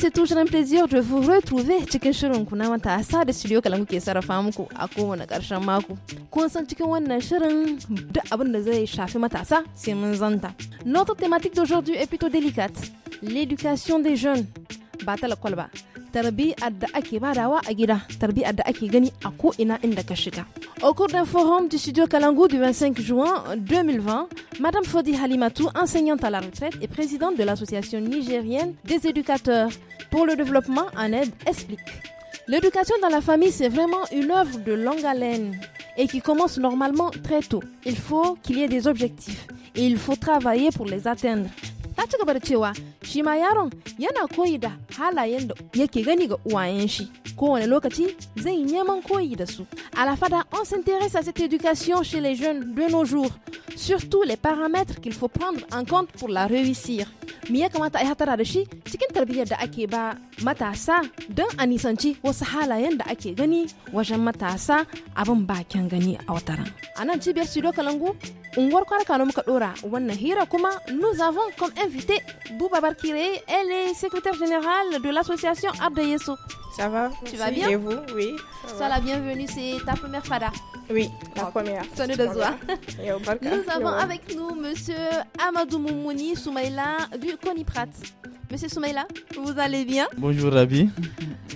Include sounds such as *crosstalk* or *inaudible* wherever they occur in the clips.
c'est toujours un plaisir de vous retrouver cikin shirin ku na matasa da studio kalangu ke sarrafa muku a kowane karshen mako. Kun san cikin wannan shirin duk abin da zai shafi matasa sai mun zanta. Notre thématique d'aujourd'hui est plutôt délicate. L'éducation des jeunes. Bata la kolba. Au cours d'un forum du studio Kalangu du 25 juin 2020, Madame Fodi Halimatou, enseignante à la retraite et présidente de l'Association nigérienne des éducateurs pour le développement en aide, explique. L'éducation dans la famille, c'est vraiment une œuvre de longue haleine et qui commence normalement très tôt. Il faut qu'il y ait des objectifs et il faut travailler pour les atteindre ta ci gaba da cewa shi ma yaron yana koyi da halayen da yake gani ga uwayen shi kowane lokaci zai yi neman koyi da su a la fada on s'intéresse à cette éducation chez les jeunes de nos jours surtout les paramètres qu'il faut prendre en compte pour la réussir me ya kamata a yi hatara da shi cikin tarbiyyar da ake ba matasa don a nisanci wasu halayen da ake gani wajen matasa abin bakin gani a wataran a nan cibiyar studio kalangu unguwar kwarka muka dora wannan hira kuma nous avons comme invitée, Bouba Barkiré. Elle est secrétaire générale de l'association Abdayeso. Ça va Tu vas bien Et vous Oui. Sois la bienvenue, c'est ta première fada. Oui, la oh, première. Sonne de Nous avons avec nous Monsieur Amadou Moumouni Soumaïla du Coniprat. Monsieur Soumaïla, vous allez bien Bonjour Rabi.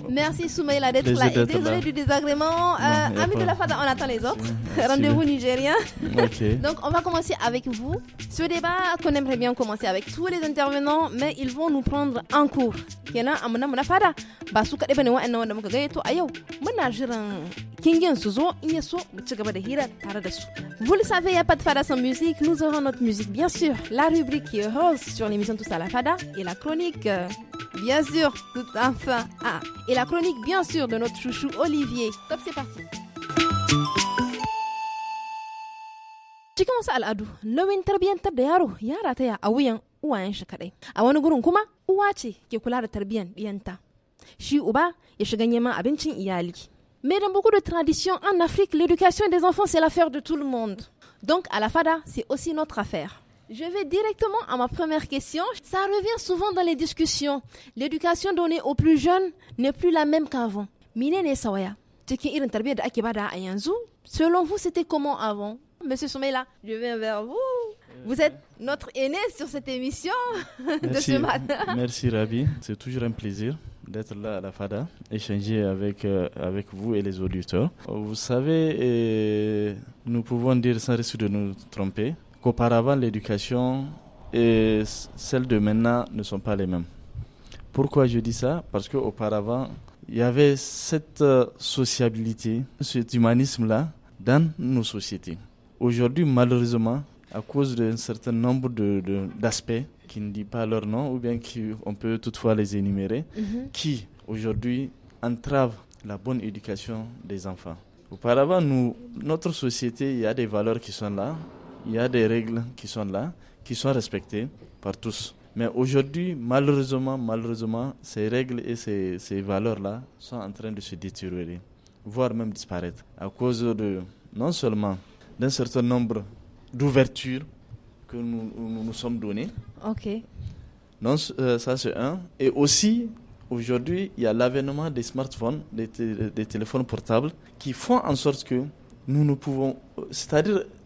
Merci Soumaïla d'être là. désolé du désagrément. Euh, amis de la FADA, on attend les autres. Rendez-vous nigérien. *laughs* Donc on va commencer avec vous. Ce débat qu'on aimerait bien commencer avec tous les intervenants, mais ils vont nous prendre en cours. fada bane wanda muka a yau muna kingin in mu Vous le savez, il n'y a pas de fada sans musique. Nous aurons notre musique, bien sûr. La rubrique qui rose sur l'émission Tous à la fada et la chronique bien sûr, tout enfin. Ah, et la chronique, bien sûr, de notre chouchou Olivier. Top, c'est parti. cikin wasu al'adu nauyin tarbiyyantar da yaro ya rataya ah hein. a wuyan uwayen shi kadai a wani gurin kuma uwa ce ke kula da tarbiyyan diyanta shi uba ya shiga neman abincin iyali mais dans beaucoup de traditions en Afrique l'éducation des enfants c'est l'affaire de tout le monde donc à la fada c'est aussi notre affaire je vais directement à ma première question. Ça revient souvent dans les discussions. L'éducation donnée aux plus jeunes n'est plus la même qu'avant. Minene Sawaya, selon vous, c'était comment avant Monsieur Soumela, je viens vers vous. Euh, vous êtes notre aîné sur cette émission *laughs* de ce matin. Merci Rabi, c'est toujours un plaisir d'être là à la FADA, échanger avec, euh, avec vous et les auditeurs. Vous savez, nous pouvons dire sans risque de nous tromper qu'auparavant l'éducation et celle de maintenant ne sont pas les mêmes. Pourquoi je dis ça Parce qu'auparavant, il y avait cette euh, sociabilité, cet humanisme-là dans nos sociétés. Aujourd'hui, malheureusement, à cause d'un certain nombre d'aspects de, qui ne disent pas leur nom, ou bien qu'on on peut toutefois les énumérer, mhm. qui aujourd'hui entravent la bonne éducation des enfants. Auparavant, nous, notre société, il y a des valeurs qui sont là, il y a des règles qui sont là, qui sont respectées par tous. Mais aujourd'hui, malheureusement, malheureusement, ces règles et ces, valeurs-là sont en train de se détériorer, voire même disparaître, à cause de non seulement d'un certain nombre d'ouvertures que nous, nous, sommes données. Ok. Non, euh, ça c'est un. Et aussi, aujourd'hui, il y a l'avènement des smartphones, des, des téléphones portables, qui font en sorte que nous ne pouvons, c'est-à-dire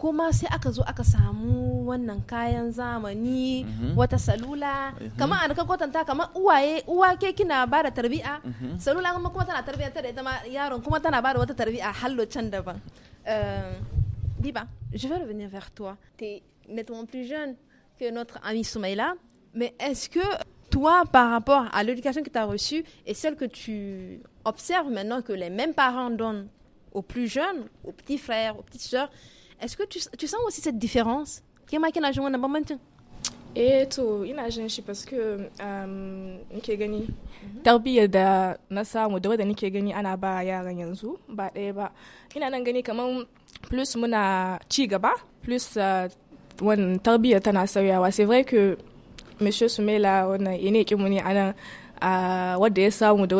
kuma sai aka zo aka samu wannan kayan zamani mhm. wata salula mhm. kamar an ka kwatanta kamar uwaye uwa ke kina ba da tarbiya mhm. salula kuma kuma tana tarbiyantar da ita yaron kuma tana ba da wata tarbiya hallo can daban Biba, eh, je veux revenir vers toi. Tu es nettement plus jeune que notre ami Soumaïla, mais est-ce que toi, par rapport à l'éducation que tu as reçue et celle que tu observes maintenant que les mêmes parents donnent aux plus jeunes, aux petits frères, aux petites sœurs, est-ce que tu, sens aussi cette différence eh to ina jin shi parce um, gani da na samu da wadda nike gani ana ba yaran yanzu ba plus muna chigaba plus train de tarbiyyar c'est vrai que monsieur Soumela a wadda ya samu da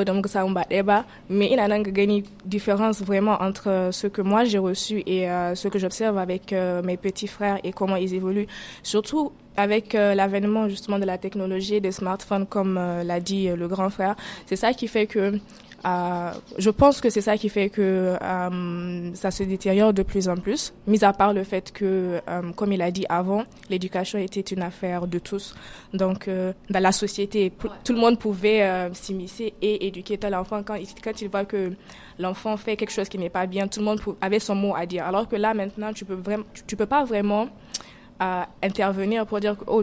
mais ina nan ga gani différence vraiment entre euh, ce que moi j'ai reçu et euh, ce que j'observe avec euh, mes petits frères et comment ils évoluent surtout avec l'avènement justement de la technologie des smartphones, comme l'a dit le grand frère, c'est ça qui fait que euh, je pense que c'est ça qui fait que euh, ça se détériore de plus en plus, mis à part le fait que, euh, comme il a dit avant, l'éducation était une affaire de tous. Donc, dans la société, tout le monde pouvait s'immiscer et éduquer tel enfant. Quand, quand il voit que l'enfant fait quelque chose qui n'est pas bien, tout le monde avait son mot à dire. Alors que là, maintenant, tu peux, vraiment, tu, peux pas vraiment intervenir pour dire oh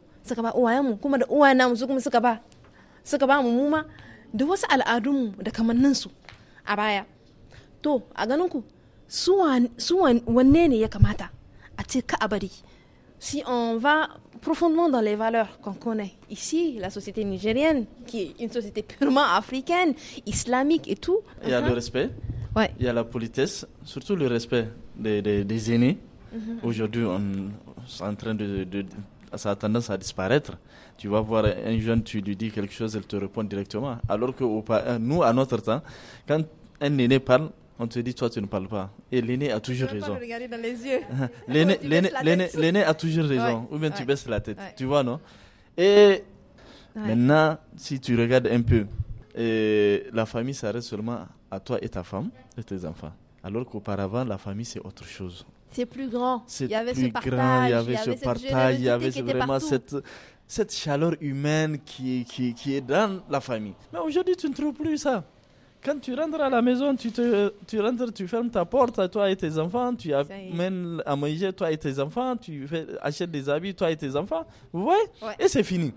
si on va profondément dans les valeurs qu'on connaît ici, la société nigérienne, qui est une société purement africaine, islamique et tout. Il y a uh-huh. le respect, il y a la politesse, surtout le respect des, des, aînés. Mm-hmm. Aujourd'hui, on est en train de ça a tendance à disparaître. Tu vas voir un jeune, tu lui dis quelque chose, elle te répond directement. Alors que euh, nous, à notre temps, quand un aîné parle, on te dit, toi, tu ne parles pas. Et l'aîné a toujours tu raison. L'aîné a toujours raison. Ou bien tu baisses la tête. Tu vois, non Et maintenant, si tu regardes un peu, et la famille s'arrête seulement à toi et ta femme et tes enfants. Alors qu'auparavant, la famille, c'est autre chose c'est plus grand. Il y avait ce partage, il y avait ce partage, il y avait vraiment cette cette chaleur humaine qui, qui, est dans la famille. Mais aujourd'hui, tu ne trouves plus ça. Quand tu rentres à la maison, tu, te, rentres, tu fermes ta porte à toi et tes enfants, tu amènes à manger toi et tes enfants, tu fais, achètes des habits toi et tes enfants. Vous voyez ouais. Et c'est fini.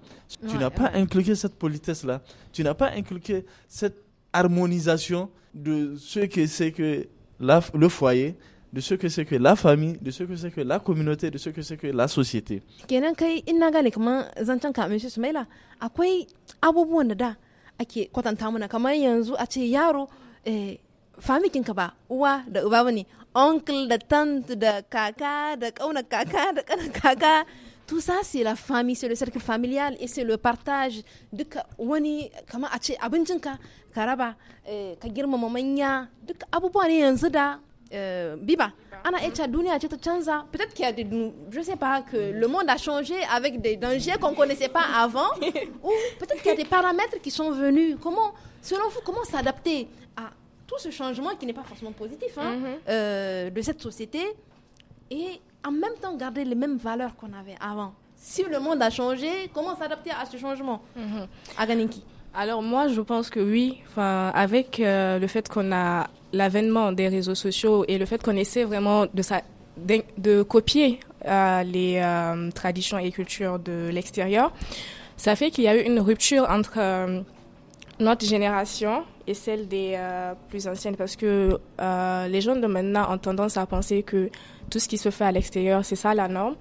tu n'as pas inculqué cette politesse-là. Tu n'as pas inculqué cette harmonisation de ce que c'est que le foyer de ce que c'est que la famille, de ce que c'est que la communauté, de ce que c'est que la société. Kenan kai in na gane kaman zancen ka mai Sumaila akwai abubuwan da da ake kwatanta mana kamar yanzu a ce yaro eh, famikinka ba uwa da uba bane oncle da tante da kaka da kauna kaka da kanan kaka tout ça c'est la famille c'est le cercle familial et c'est le partage duka wani kamar a ce Karaba, ka raba eh, ka girmama manya duka abubuwa ne yanzu da euh, Biba, peut-être qu'il y a des, je sais pas, que le monde a changé avec des dangers qu'on connaissait pas avant, *laughs* ou peut-être qu'il y a des paramètres qui sont venus. Comment, selon vous, comment s'adapter à tout ce changement qui n'est pas forcément positif hein, mhm. euh, de cette société et en même temps garder les mêmes valeurs qu'on avait avant. Si le monde a changé, comment s'adapter à ce changement mm alors moi, je pense que oui. Enfin, avec euh, le fait qu'on a l'avènement des réseaux sociaux et le fait qu'on essaie vraiment de, de, copier euh, les euh, traditions et cultures de l'extérieur, ça fait qu'il y a eu une rupture entre notre génération et celle des plus anciennes parce que les gens de maintenant ont tendance à penser que tout ce qui se fait à l'extérieur, c'est ça la norme.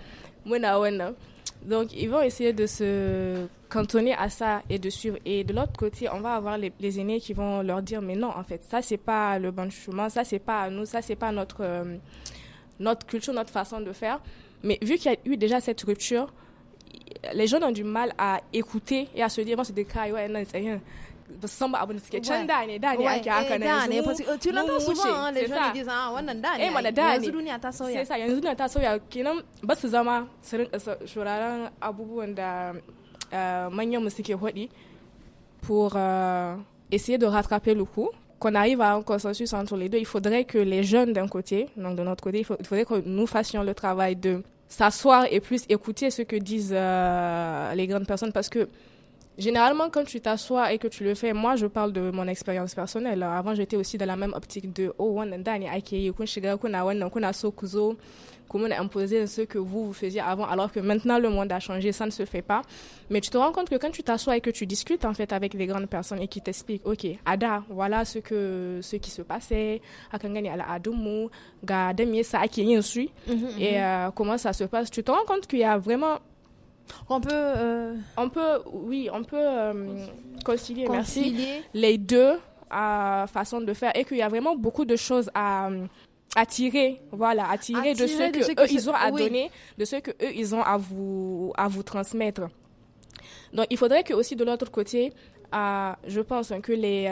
Donc, ils vont essayer de se cantonner à ça et de suivre. Et de l'autre côté, on va avoir les, aînés qui vont leur dire, mais non, en fait, ça, c'est pas le bon chemin, ça, c'est pas à nous, ça, c'est pas notre, euh, notre culture, notre façon de faire. Mais vu qu'il y a eu déjà cette rupture, les jeunes ont du mal à écouter et à se dire, bon, c'est des cas, ouais, non, c'est rien pour eh, essayer de rattraper le coup qu'on arrive à un consensus entre les deux. Il faudrait que les jeunes d'un côté, donc de notre côté, il, faudrait que nous fassions le travail de s'asseoir et plus écouter ce que disent euh, les grandes personnes parce que Généralement, quand tu t'assois et que tu le fais, moi, je parle de mon expérience personnelle. Avant, j'étais aussi dans la même optique de oh, kuzo comment imposer ce que vous vous faisiez avant, alors que maintenant le monde a changé, ça ne se fait pas. Mais tu te rends compte que quand tu t'assois et que tu discutes en fait avec les grandes personnes et qui t'expliquent, ok, Ada, voilà ce que ce qui se passait, Akangani ala Adumu, qui est mhm, et mhm. Euh, comment ça se passe, tu te rends compte qu'il y a vraiment on peut, euh, on peut, oui, on peut euh, concilier, merci, les deux euh, façons de faire et qu'il y a vraiment beaucoup de choses à attirer voilà attirer, de ce que, ils ont à donner de ce que eux ils ont à vous à vous transmettre donc il faudrait que aussi de l'autre côté je pense hein, que les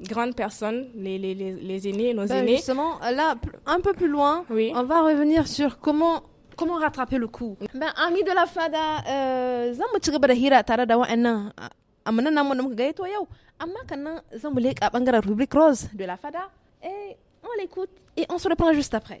grandes personnes, les, les, les, aînés, nos ben, aînés. Justement, là, un peu plus loin, on va revenir sur comment comment rattraper le coup ben ami de la fada euh zan mu ci gaba da hira tare da wa'annan amana namu da muka gaito yau amma kannan zan mu leka bangaren rubric rose de la fada et eh, on l'écoute et on se reprend juste après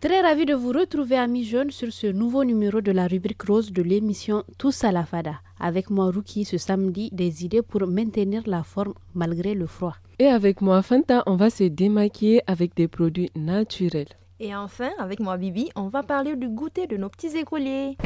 Très ravi de vous retrouver, amis jeunes, sur ce nouveau numéro de la rubrique rose de l'émission Tous à la Fada. Avec moi, Ruki, ce samedi, des idées pour maintenir la forme malgré le froid. Et avec moi, Fanta, on va se démaquiller avec des produits naturels. Et enfin, avec moi, Bibi, on va parler du goûter de nos petits écoliers.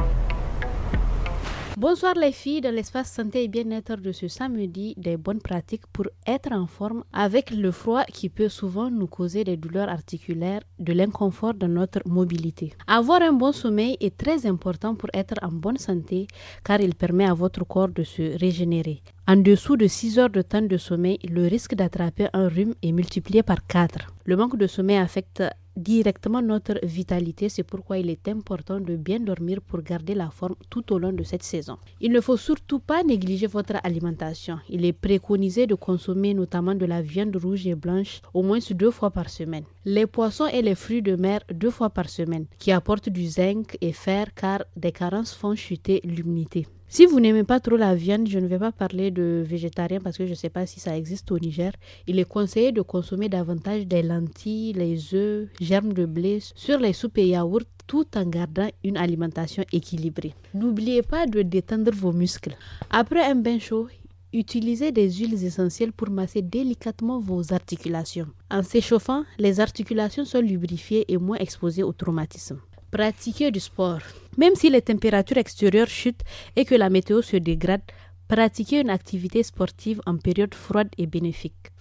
Bonsoir les filles dans l'espace santé et bien-être de ce samedi, des bonnes pratiques pour être en forme avec le froid qui peut souvent nous causer des douleurs articulaires, de l'inconfort dans notre mobilité. Avoir un bon sommeil est très important pour être en bonne santé car il permet à votre corps de se régénérer. En dessous de 6 heures de temps de sommeil, le risque d'attraper un rhume est multiplié par 4. Le manque de sommeil affecte directement notre vitalité. C'est pourquoi il est important de bien dormir pour garder la forme tout au long de cette saison. Il ne faut surtout pas négliger votre alimentation. Il est préconisé de consommer notamment de la viande rouge et blanche au moins deux fois par semaine. Les poissons et les fruits de mer deux fois par semaine, qui apportent du zinc et fer car des carences font chuter l'humidité. Si vous n'aimez pas trop la viande, je ne vais pas parler de végétarien parce que je ne sais pas si ça existe au Niger. Il est conseillé de consommer davantage des lentilles, les œufs, germes de blé sur les soupes et yaourts tout en gardant une alimentation équilibrée. N'oubliez pas de détendre vos muscles. Après un bain chaud, utilisez des huiles essentielles pour masser délicatement vos articulations. En s'échauffant, les articulations sont lubrifiées et moins exposées au traumatisme pratiquer du sport. Même si les températures extérieures chutent et que la météo se dégrade, pratiquer une activité sportive en période froide est bénéfique.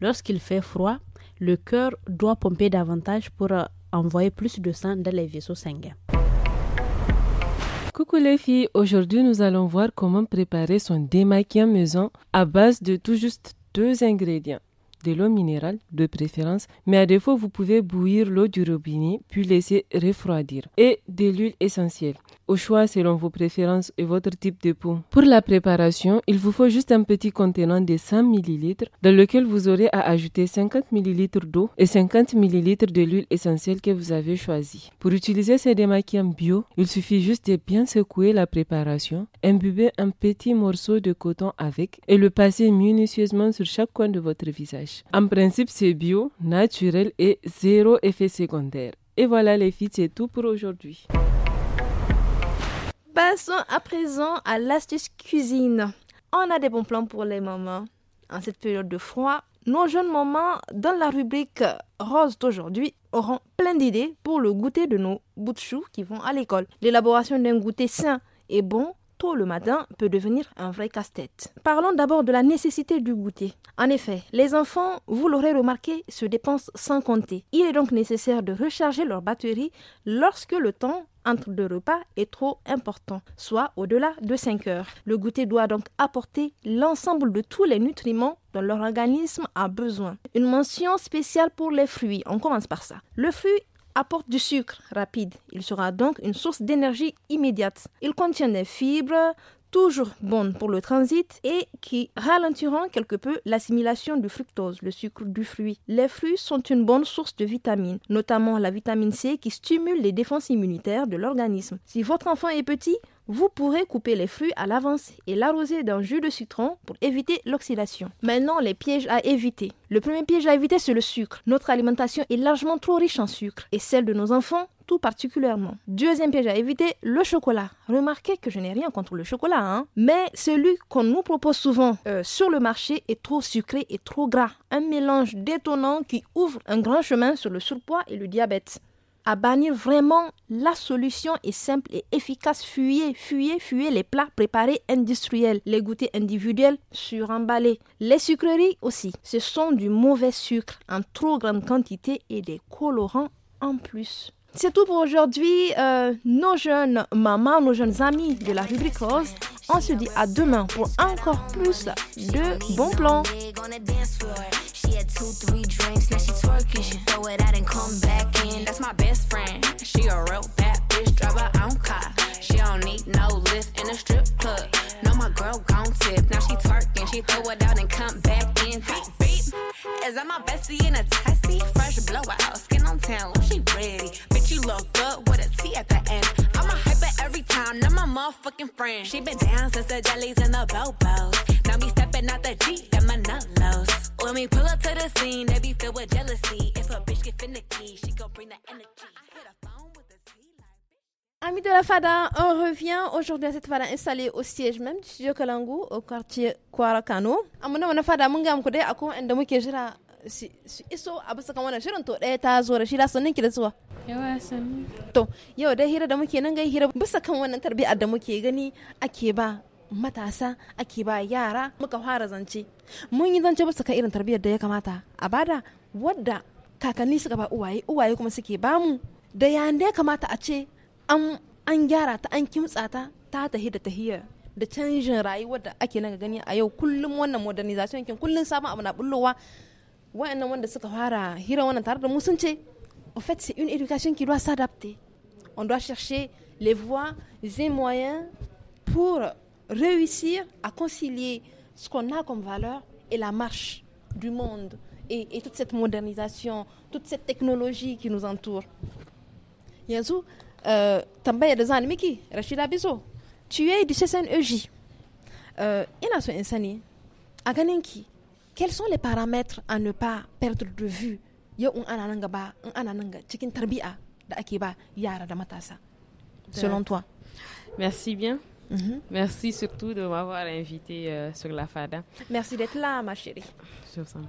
Lorsqu'il fait froid, le cœur doit pomper davantage pour euh, envoyer plus de sang dans les vaisseaux sanguins. Coucou les filles, aujourd'hui nous allons voir comment préparer son démaquillant maison à base de tout juste deux ingrédients de l'eau minérale de préférence, mais à défaut, vous pouvez bouillir l'eau du robinet puis laisser refroidir et de l'huile essentielle au choix selon vos préférences et votre type de peau. Pour la préparation, il vous faut juste un petit contenant de 100 ml dans lequel vous aurez à ajouter 50 ml d'eau et 50 ml de l'huile essentielle que vous avez choisie. Pour utiliser ces démaquillants bio, il suffit juste de bien secouer la préparation, imbuber un petit morceau de coton avec et le passer minutieusement sur chaque coin de votre visage. En principe, c'est bio, naturel et zéro effet secondaire. Et voilà les filles, c'est tout pour aujourd'hui. Passons à présent à l'astuce cuisine. On a des bons plans pour les mamans. En cette période de froid, nos jeunes mamans, dans la rubrique rose d'aujourd'hui, auront plein d'idées pour le goûter de nos bouts de choux qui vont à l'école. L'élaboration d'un goûter sain et bon tôt le matin peut devenir un vrai casse-tête. Parlons d'abord de la nécessité du goûter. En effet, les enfants, vous l'aurez remarqué, se dépensent sans compter. Il est donc nécessaire de recharger leur batterie lorsque le temps entre deux repas est trop important, soit au-delà de 5 heures. Le goûter doit donc apporter l'ensemble de tous les nutriments dont leur organisme a besoin. Une mention spéciale pour les fruits, on commence par ça. Le fruit apporte du sucre rapide. Il sera donc une source d'énergie immédiate. Il contient des fibres toujours bonnes pour le transit et qui ralentiront quelque peu l'assimilation du fructose, le sucre du fruit. Les fruits sont une bonne source de vitamines, notamment la vitamine C qui stimule les défenses immunitaires de l'organisme. Si votre enfant est petit, vous pourrez couper les fruits à l'avance et l'arroser d'un jus de citron pour éviter l'oxydation. Maintenant, les pièges à éviter. Le premier piège à éviter, c'est le sucre. Notre alimentation est largement trop riche en sucre et celle de nos enfants tout particulièrement. Deuxième piège à éviter, le chocolat. Remarquez que je n'ai rien contre le chocolat, hein? mais celui qu'on nous propose souvent euh, sur le marché est trop sucré et trop gras. Un mélange détonnant qui ouvre un grand chemin sur le surpoids et le diabète à bannir vraiment la solution est simple et efficace. Fuyez, fuyez, fuyez les plats préparés industriels, les goûters individuels sur suremballés. Les sucreries aussi. Ce sont du mauvais sucre en trop grande quantité et des colorants en plus. C'est tout pour aujourd'hui. Euh, nos jeunes mamans, nos jeunes amis de la rubrique rose, on se dit à demain pour encore plus de bons plans. She had two, three drinks, now she twerking. She throw it out and come back in. That's my best friend. She a real bad bitch, drive her own car. She don't need no lift in a strip club. No, my girl gon' tip. Now she twerking, she throw it out and come back in. Beep, beep. Is that my bestie in a taxi. Fresh blowout, skin on town, she ready. Bitch, you look good with a T at the end. I'm a hyper every time, now my motherfucking friend. She been down since the jellies and the bobos. Now me stepping out the G, and my nut lows. When we pull up to the scene, they be filled with jealousy. If a bitch get finicky, she gon' bring the energy. Amis de la Fada, on revient aujourd'hui à cette Fada installée au siège même du studio Kalangu au quartier Kwarakano. Amuna wana Fada mun ga muku dai akwai inda muke jira su iso abasa bisa kan wannan shirin to ta zo da shi da sanin da zuwa. Yawa sami. To yau da hira da muke nan gai hira bisa kan wannan tarbiyyar da muke gani ake ba matasa ake ba yara muka fara zance mun yi zance basu ka irin tarbiyyar da ya kamata a bada wadda kakanni suka ba uwaye uwaye kuma suke bamu da da ya kamata a ce an gyara ta an kimtsa ta ta tahi da tahiyar da canjin rayuwar da ake naga gani a yau kullum wannan modernization kin kullum sabon abu na bullowa wayannan wanda suka fara hira wannan tare da mu sun ce en fait c'est une éducation qui doit s'adapter on doit chercher les voies et moyens pour réussir à concilier ce qu'on a comme valeur et la marche du monde et, et toute cette modernisation, toute cette technologie qui nous entoure. Yanzu, euh, Tambaye da zan miki, Rashida Bizo, tu es du CSNEJ. Euh, ina so insani, a ganinki, quels sont les paramètres à ne pas perdre de vue yau in ana nan gaba in ana nan da ake yara da matasa selon toi merci bien Mhm. Merci surtout de m'avoir invité euh, sur la FADA. Merci d'être là, ma chérie. Je vous en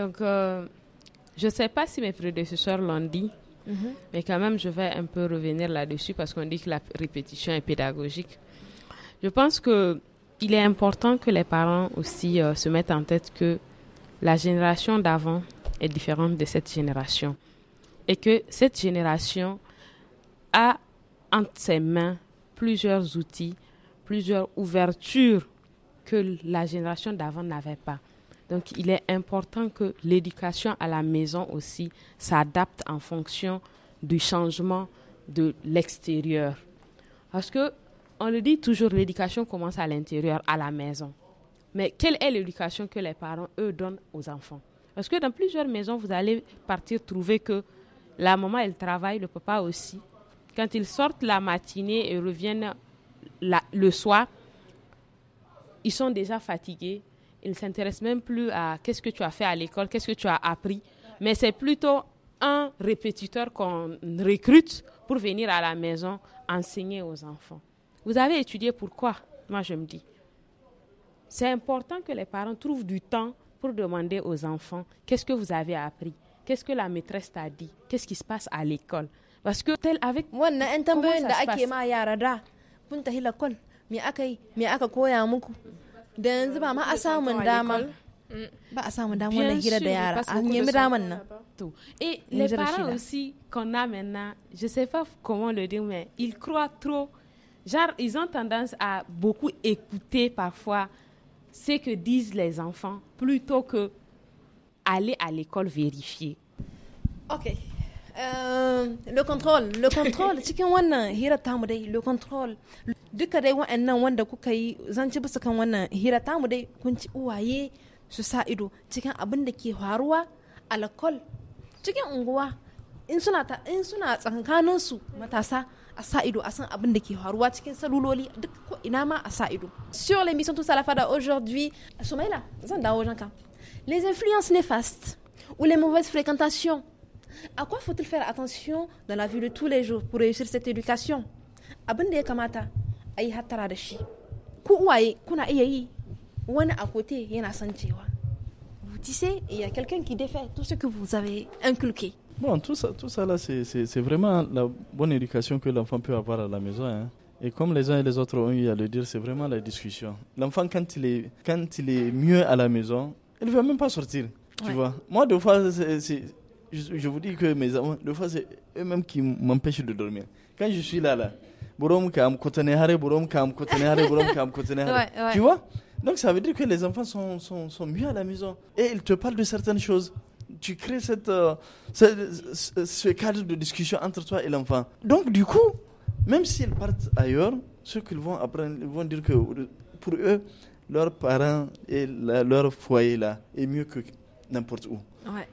Donc, euh, je ne sais pas si mes prédécesseurs l'ont dit, mhm. mais quand même, je vais un peu revenir là-dessus parce qu'on dit que la répétition est pédagogique. Je pense que il est important que les parents aussi euh, se mettent en tête que la génération d'avant est différente de cette génération et que cette génération a entre ses mains plusieurs outils, plusieurs ouvertures que la génération d'avant n'avait pas. Donc il est important que l'éducation à la maison aussi s'adapte en fonction du changement de l'extérieur. Parce que on le dit toujours, l'éducation commence à l'intérieur, à la maison. Mais quelle est l'éducation que les parents, eux, donnent aux enfants Parce que dans plusieurs maisons, vous allez partir trouver que la maman, elle travaille, le papa aussi. Quand ils sortent la matinée et reviennent le soir, ils sont déjà fatigués. Ils ne s'intéressent même plus à qu'est-ce que tu as fait à l'école, qu'est-ce que tu as appris. Mais c'est plutôt un répétiteur qu'on recrute pour venir à la maison enseigner aux enfants. Vous avez étudié pourquoi Moi, je me dis. C'est important que les parents trouvent du temps pour demander aux enfants qu'est-ce que vous avez appris, qu'est-ce que la maîtresse t'a dit, qu'est-ce qui se passe à l'école parce que tel avec wannan yan tambayoyin da ake ma yara da kun tahi lakol me mi yi me aka koya muku da yanzu ba ma a samun dama mm. ba a samun dama wannan hira da yara an nemi daman nan tout. Et les, parents aussi qu'on a maintenant, je sais pas comment le dire, mais ils croient trop. Genre, ils ont tendance à beaucoup écouter parfois ce que disent les enfants plutôt que aller à l'école vérifier. OK. Euh, le contrôle, le contrôle. *laughs* cikin wannan hira tamu dai le contrôle. duka dai wa'annan wanda kuka yi zanci bisa kan wannan hira tamu dai kun ci uwaye su sa ido cikin abin da ke faruwa alakol cikin unguwa in suna in suna tsakankanin su matasa a ça ido à ça abin da ke faruwa cikin saluloli duk ko ina ma a sa ido sur l'émission tous à la fada aujourd'hui Soumaïla zan dawo janka les influences néfastes ou les mauvaises fréquentations à quoi faut-il faire attention dans la vie de tous les jours pour réussir cette éducation Vous kuna il y a quelqu'un qui défait tout ce que vous avez inculqué bon tout ça tout ça là c'est vraiment la bonne éducation que l'enfant peut avoir à la maison hein. Et comme les uns et les autres ont eu à le dire, c'est vraiment la discussion. L'enfant, quand, il est, quand il est mieux à la maison, il ne veut même pas sortir. Tu vois Moi, des fois, c'est je, vous dis que mes amants, des fois, c'est eux-mêmes qui m'empêchent de dormir. Quand je suis là, là, *laughs* tu vois Donc ça veut dire que les enfants sont, sont, sont, mieux à la maison et ils te parlent de certaines choses. Tu crées cette, euh, ce, cadre de discussion entre toi et l'enfant. Donc du coup, même s'ils partent ailleurs, ce qu'ils vont apprendre, ils vont dire que pour eux, leurs parents et leur foyer là est mieux que n'importe où.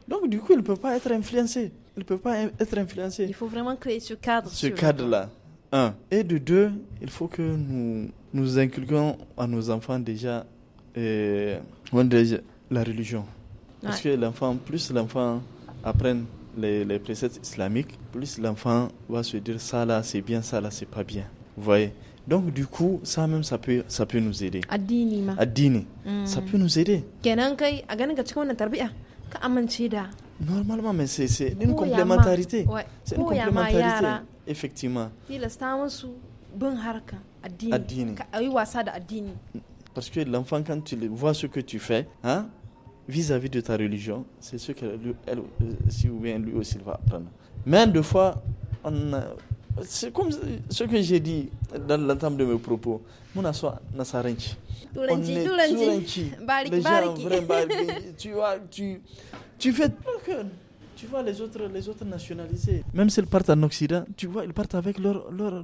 Donc, du coup, il ne peut pas être influencé. Il ne peut pas être influencé. Il faut vraiment créer ce cadre. Ce cadre-là. Un. Et de deux, il faut que nous, nous à nos enfants déjà, euh, la religion. Parce que l'enfant, plus l'enfant apprend les, préceptes islamiques, plus l'enfant va se dire ça là c'est bien, ça là c'est pas bien. Vous voyez donc du coup ça même ça peut ça peut nous aider addini ma mm. ça peut nous aider normalement mais c'est une complémentarité c'est une complémentarité effectivement addini wasa da addini ah, parce que l'enfant quand tu vois ce que tu fais hein vis-à-vis de ta religion c'est ce que elle, euh, si ou bien lui aussi va apprendre mais des fois on a, c'est comme ce que j'ai dit dans l'entame de mes propos. nous soit Barik, tu vois, tu, tu fais tu vois les autres, les autres nationalisés. Même s'ils partent en Occident, tu vois, ils partent avec leurs leur,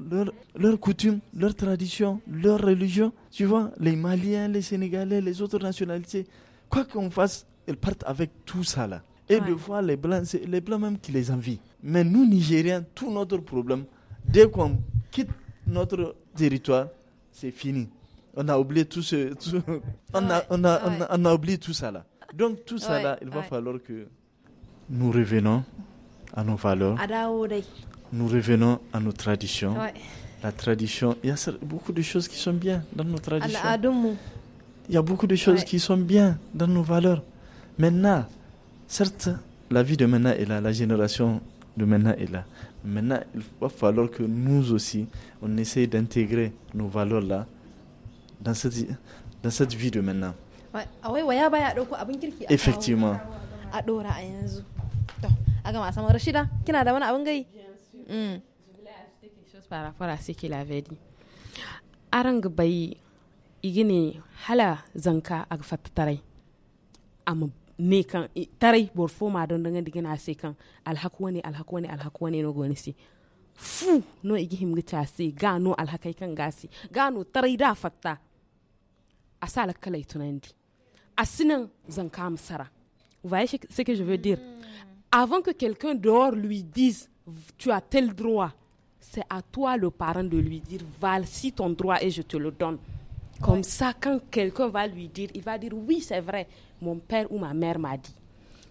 leur, coutumes, leurs traditions, leurs religions, Tu vois, les Maliens, les Sénégalais, les autres nationalités, quoi qu'on fasse, ils partent avec tout ça là. Et ouais. des les Blancs, c'est les Blancs même qui les envient. Mais nous, Nigériens, tout notre problème, Dès qu'on quitte notre territoire, c'est fini. On a oublié tout ce. *laughs* on, a, on, a, on, a, oublié tout ça là. Donc, tout ça là, il va falloir que nous revenons à nos valeurs. Nous revenons à nos traditions. La tradition, il y a beaucoup de choses qui sont bien dans nos traditions. Il y a beaucoup de choses qui sont bien dans nos valeurs. Maintenant, certes, la vie de maintenant est là, la génération de maintenant est là. Maintenant, il va falloir que nous aussi, on essaye d'intégrer nos valeurs-là dans cette, dans cette vie de maintenant. Effectivement. Mm. par rapport à ce qu'il avait dit. igini hala zanka ne kan tarai bor fo ma don dangan digina al kan alhaku wani alhaku wani alhaku wani no goni si fu no igi himgi ta al ga no alhakai kan gasi ga no tarai da fatta asala kalai nandi asinan zan kam sara vous ce que je veux dire mm. avant que quelqu'un dehors lui dise tu as tel droit c'est à toi le parent de lui dire val si ton droit et je te le donne comme ça, quand quelqu'un va lui dire, il va dire oui, c'est vrai, mon père ou ma mère m'a dit.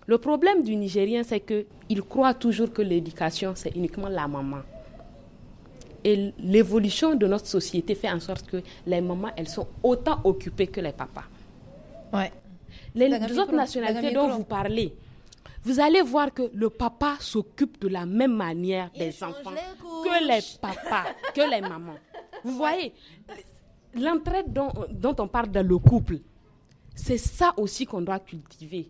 Le problème du Nigérien, c'est qu'il croit toujours que l'éducation, c'est uniquement la maman. Et l'évolution de notre société fait en sorte que les mamans, elles sont autant occupées que les papas. Ouais. Les, autres nationalités dont vous parlez, vous allez voir que le papa s'occupe de la même manière des enfants que les papas, que les mamans. Vous voyez l'entraide dont, on parle dans le couple, c'est ça aussi qu'on doit cultiver.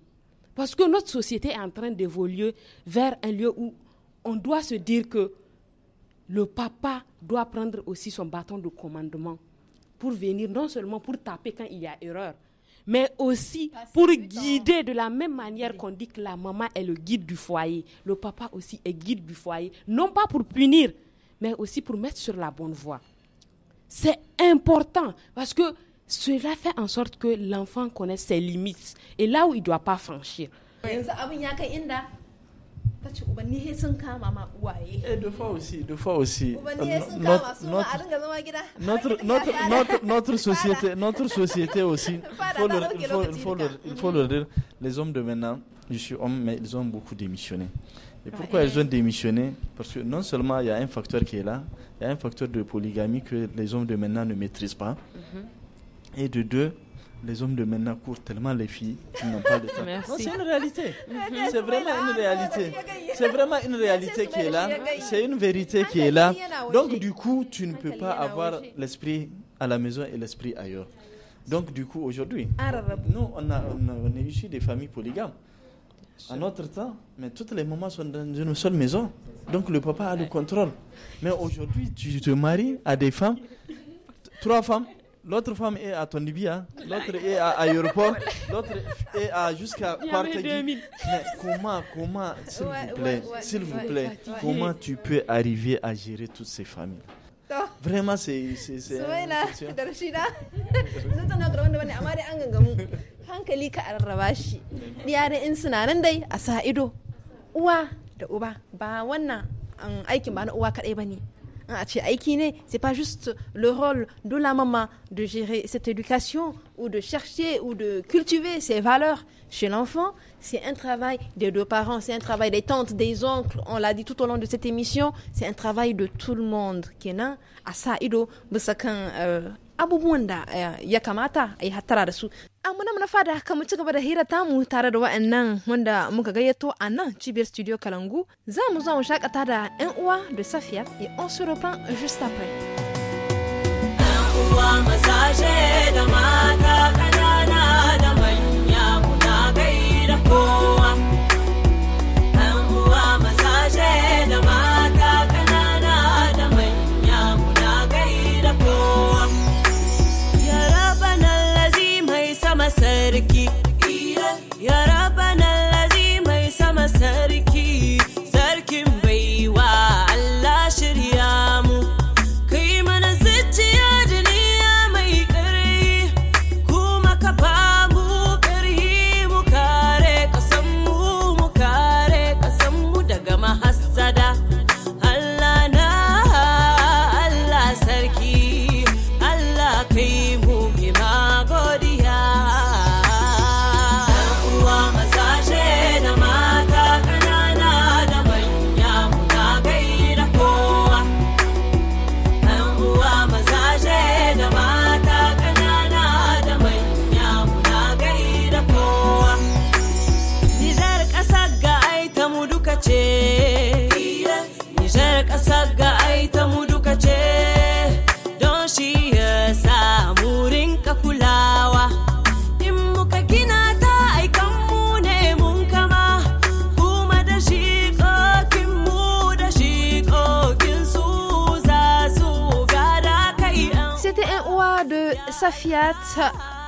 Parce que notre société est en train d'évoluer vers un lieu où on doit se dire que le papa doit prendre aussi son bâton de commandement pour venir non seulement pour taper quand il y a erreur, mais aussi pour guider de la même manière qu'on dit que la maman est le guide du foyer. Le papa aussi est guide du foyer, non pas pour punir, mais aussi pour mettre sur la bonne voie. C'est important parce que cela fait en sorte que l'enfant connaisse ses limites et là où il ne doit pas franchir. Eh, deux fois aussi, deux fois aussi. Euh, *laughs* notre, *laughs* société, notre société aussi, il faut, le dire, les hommes de maintenant, je suis homme, mais ils ont beaucoup démissionné. Et pourquoi ils ont démissionné Parce que non seulement il y a un facteur qui est là, il y a un facteur de polygamie que les hommes de maintenant ne maîtrisent pas. Mm-hmm. Et de deux, les hommes de maintenant courent tellement les filles qu'ils n'ont pas de *laughs* temps. C'est une réalité. Mm-hmm. C'est vraiment une réalité. C'est vraiment une réalité qui est là. C'est une vérité qui est là. Donc du coup, tu ne peux pas avoir l'esprit à la maison et l'esprit ailleurs. Donc du coup, aujourd'hui, nous, on, a, on, est des familles polygames à notre temps, mais toutes les mamans sont dans une seule maison. Donc le papa a le contrôle. Mais aujourd'hui, tu te maries à des femmes, trois femmes, l'autre femme est à Tonibia, hein. l'autre est à aéroport, *laughs* l'autre est à jusqu'à Quartegui. Mais comment, comment, s'il vous plaît, s'il vous plaît, comment tu peux arriver à gérer toutes ces familles Vraiment, c'est... *laughs* *laughs* c'est pas juste le rôle de la maman de gérer cette éducation ou de chercher ou de cultiver ces valeurs chez l'enfant. C'est un travail des deux parents, c'est un travail des tantes, des oncles. On l'a dit tout au long de cette émission, c'est un travail de tout le monde. Kenan, sa ido, euh, abubuwan da eh, ya kamata a yi hattara da su amuna na da haka mu ci gaba da hira tamu tare da wa'annan wanda muka gayyato a nan cibiyar studio kalangu za mu zo mu shakata da yan uwa da safiya ya on se reprend juste après uwa masashe da mata kanana da manya muna kowa aquí Safiat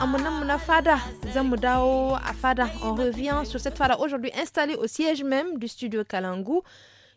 on revient sur cette fada aujourd'hui installée au siège même du studio Kalangu.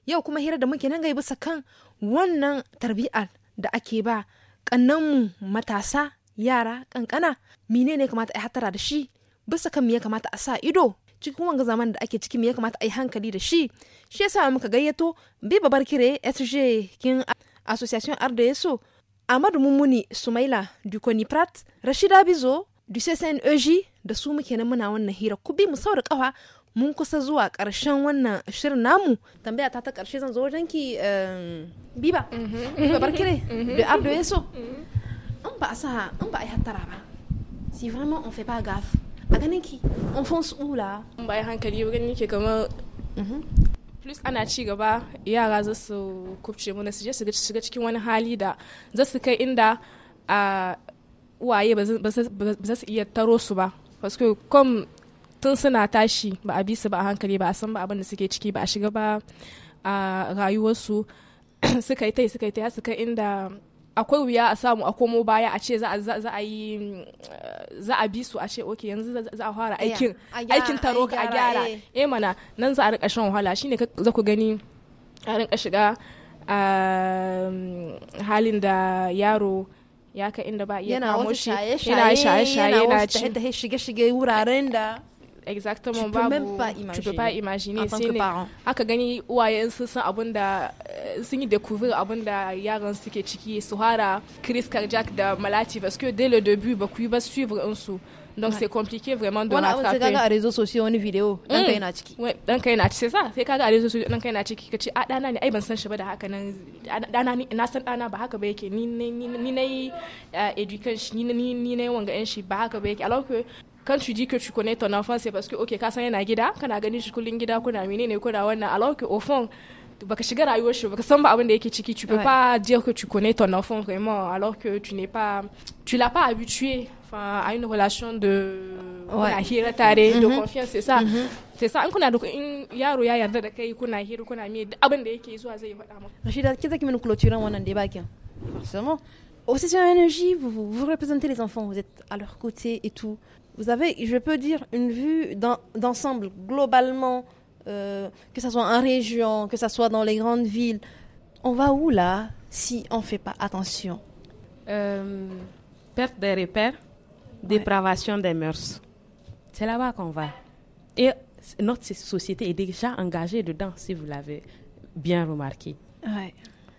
Yau kuma hira da muke nan ga basa kan wannan tarbi'ar da ake ba kannanmu matasa yara kankana menene kamata a hatara da shi bisa kan me ya kamata a sa ido cikin wanga zaman da ake ciki me ya kamata a yi hankali da shi shi yasa muka gayyato bi babar kire SG kin Association Ardeso Amadu Mummuni Sumaila Dukoni Prat, Rashida Bizo, du CSN EJ da su muke nan muna wannan hira. Ku bi mu sau da kafa mun kusa zuwa ƙarshen wannan shirin namu. Tambaya ta ta ƙarshe zan zo wajenki ehm, Biba, mhm. Biba Barkire, da mhm. Abdo Yeso. An mhm. ba a sa, an ba a yi hattara ba. Si vraiment on fait pas gaffe. A ganin ki, on fonce où là? ba yi hankali ba ganin ke kamar plus ana ci gaba yara za su kubce mana su je su shiga cikin wani hali da za su kai inda a waye ba za su iya taro su ba paske kom tun suna tashi ba a bisa ba a hankali ba a san ba abin da suke ciki ba a shiga ba a rayuwarsu *clears throat* suka yi tai suka yi tai su kai inda akwai wuya a samu a komo baya a ce za a bi su a ce ok yanzu za a fara aikin aikin taro a gyara e mana nan za a rika shan wahala shine za ku gani a rika shiga um, halin da yaro ya ka inda ba iya kamo shi yana shaye-shaye yana shige-shige wuraren da exactement tu babu même pas imaginer. tu peux pas imaginer en tant que parent aka gani uwayen sun san abin da sun yi découvrir abin da yaran suke ciki su hara crise cardiaque da Malachi parce que dès le début ba ku yi ba suivre un su donc c'est compliqué vraiment de voilà, rattraper. Voilà, c'est réseaux sociaux, une vidéo. dan kai na ciki. Ouais, kai na ciki. C'est ça. Sai kaga a réseaux sociaux kai na ciki kace a dana ne ai ban san shi ba da haka nan. Dana ni na san dana ba haka ba yake ni ni ni nayi education ni ni ni nayi wanga yan shi ba haka ba yake. Alors que quand tu dis que tu connais ton enfant c'est parce que ok ka san yana gida kana ganin shi kullun gida kuna menene kuna wannan alors que au fond baka shiga rayuwar shi baka san ba abin da yake ciki tu peux ouais. pas dire que tu connais ton enfant vraiment alors que tu n'es pas tu l'as pas habitué enfin à une relation de ouais. hira mm -hmm. de mhm. confiance c'est ça mm -hmm. c'est ça in a donc in yaro ya yarda da kai kuna hira kuna mi abin ah da yake zuwa zai faɗa maka Rashida ki zaki min clôturer wannan débat kin forcément au session énergie vous, vous représentez les enfants vous êtes à leur côté et tout vous avez, je peux dire, une vue d'ensemble globalement, euh, que ce soit en région, que ce soit dans les grandes villes. On va où là si on ne fait pas attention euh, Perte des repères, dépravation des mœurs. C'est là-bas qu'on va. Et notre société est déjà engagée dedans, si vous l'avez bien remarqué. Ouais.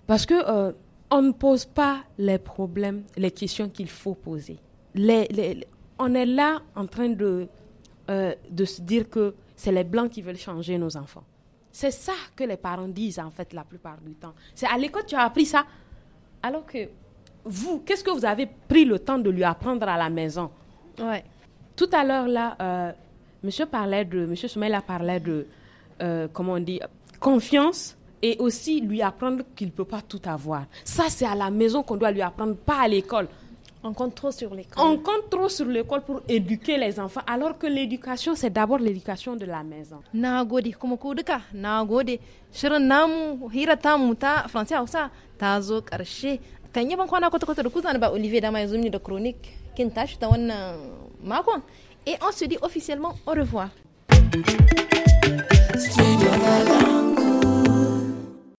Parce que euh, on ne pose pas les problèmes, les questions qu'il faut poser. Les, les, on est là en train euh, de, se dire que c'est les Blancs qui veulent changer nos enfants. C'est ça que les parents disent, en fait, la plupart du temps. C'est à l'école, tu as appris ça. Alors que vous, qu'est-ce que vous avez pris le temps de lui apprendre à la maison Tout à l'heure, là, euh, monsieur, parlait de, monsieur parlait de, euh, on dit, confiance et aussi lui apprendre qu'il ne peut pas tout avoir. Ça, c'est à la maison qu'on doit lui apprendre, pas à l'école. On compte trop sur l'école. On compte trop sur l'école pour éduquer les enfants, alors que l'éducation, c'est d'abord l'éducation de la maison. Nagode, kuma ku duka, nagode. Shirin namu, hira tamu ta Francis Hausa ta zo karshe. Kan yi ban kwana kwata-kwata da kuzan ba Olivier dama ya zumi chronique kin tashi ta wannan makon. Et on se dit officiellement au revoir.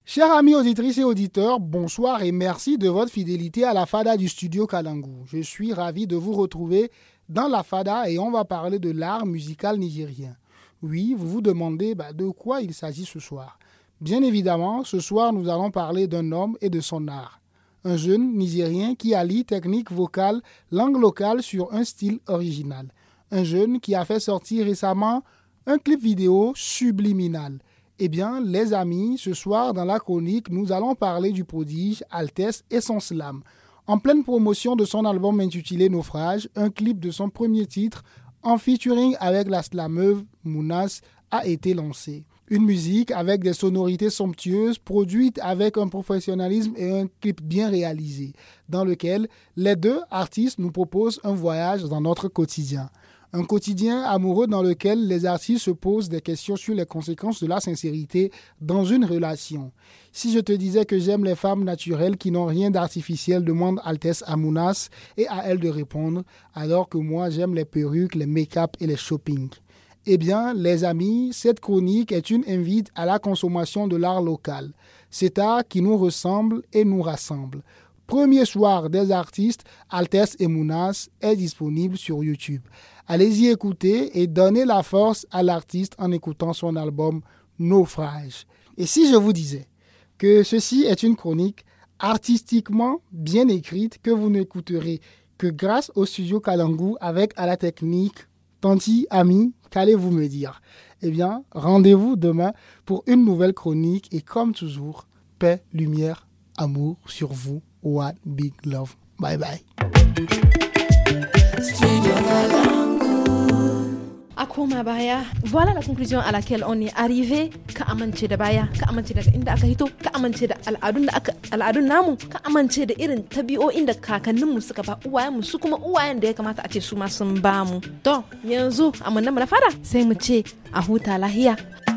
Chers amis auditrices et auditeurs, bonsoir et merci de votre fidélité à la FADA du studio Kalangu. Je suis ravi de vous retrouver dans la FADA et on va parler de l'art musical nigérien. Oui, vous vous demandez bah, de quoi il s'agit ce soir. Bien évidemment, ce soir nous allons parler d'un homme et de son art. Un jeune nigérien qui allie technique vocale, langue locale sur un style original. Un jeune qui a fait sortir récemment un clip vidéo subliminal eh bien, les amis, ce soir dans la chronique, nous allons parler du prodige Altesse et son slam. En pleine promotion de son album intitulé Naufrage, un clip de son premier titre, en featuring avec la slameuve Mounas, a été lancé. Une musique avec des sonorités somptueuses, produite avec un professionnalisme et un clip bien réalisé, dans lequel les deux artistes nous proposent un voyage dans notre quotidien. Un quotidien amoureux dans lequel les artistes se posent des questions sur les conséquences de la sincérité dans une relation. Si je te disais que j'aime les femmes naturelles qui n'ont rien d'artificiel, demande Altesse Mounas et à elle de répondre, alors que moi j'aime les perruques, les make-up et les shopping. Eh bien, les amis, cette chronique est une invite à la consommation de l'art local. Cet art qui nous ressemble et nous rassemble premier soir des artistes, Altesse et Mounas, est disponible sur YouTube. Allez-y écouter et donnez la force à l'artiste en écoutant son album Naufrage. Et si je vous disais que ceci est une chronique artistiquement bien écrite que vous n'écouterez que grâce au studio Kalangu avec à la technique Tanti Ami, qu'allez-vous me dire Eh bien, rendez-vous demain pour une nouvelle chronique et comme toujours, paix, lumière, amour sur vous. One big love. Bye bye. a baya voilà la conclusion à laquelle on est arrivé ka amance da baya ka amance da inda aka hito ka amance da al'adun da aka al'adun namu ka amance da irin tabi'o'in inda kakannin mu suka ba uwayen mu su kuma uwayen da ya kamata a ce su ma sun ba mu to yanzu amma na fara sai mu ce a huta lahiya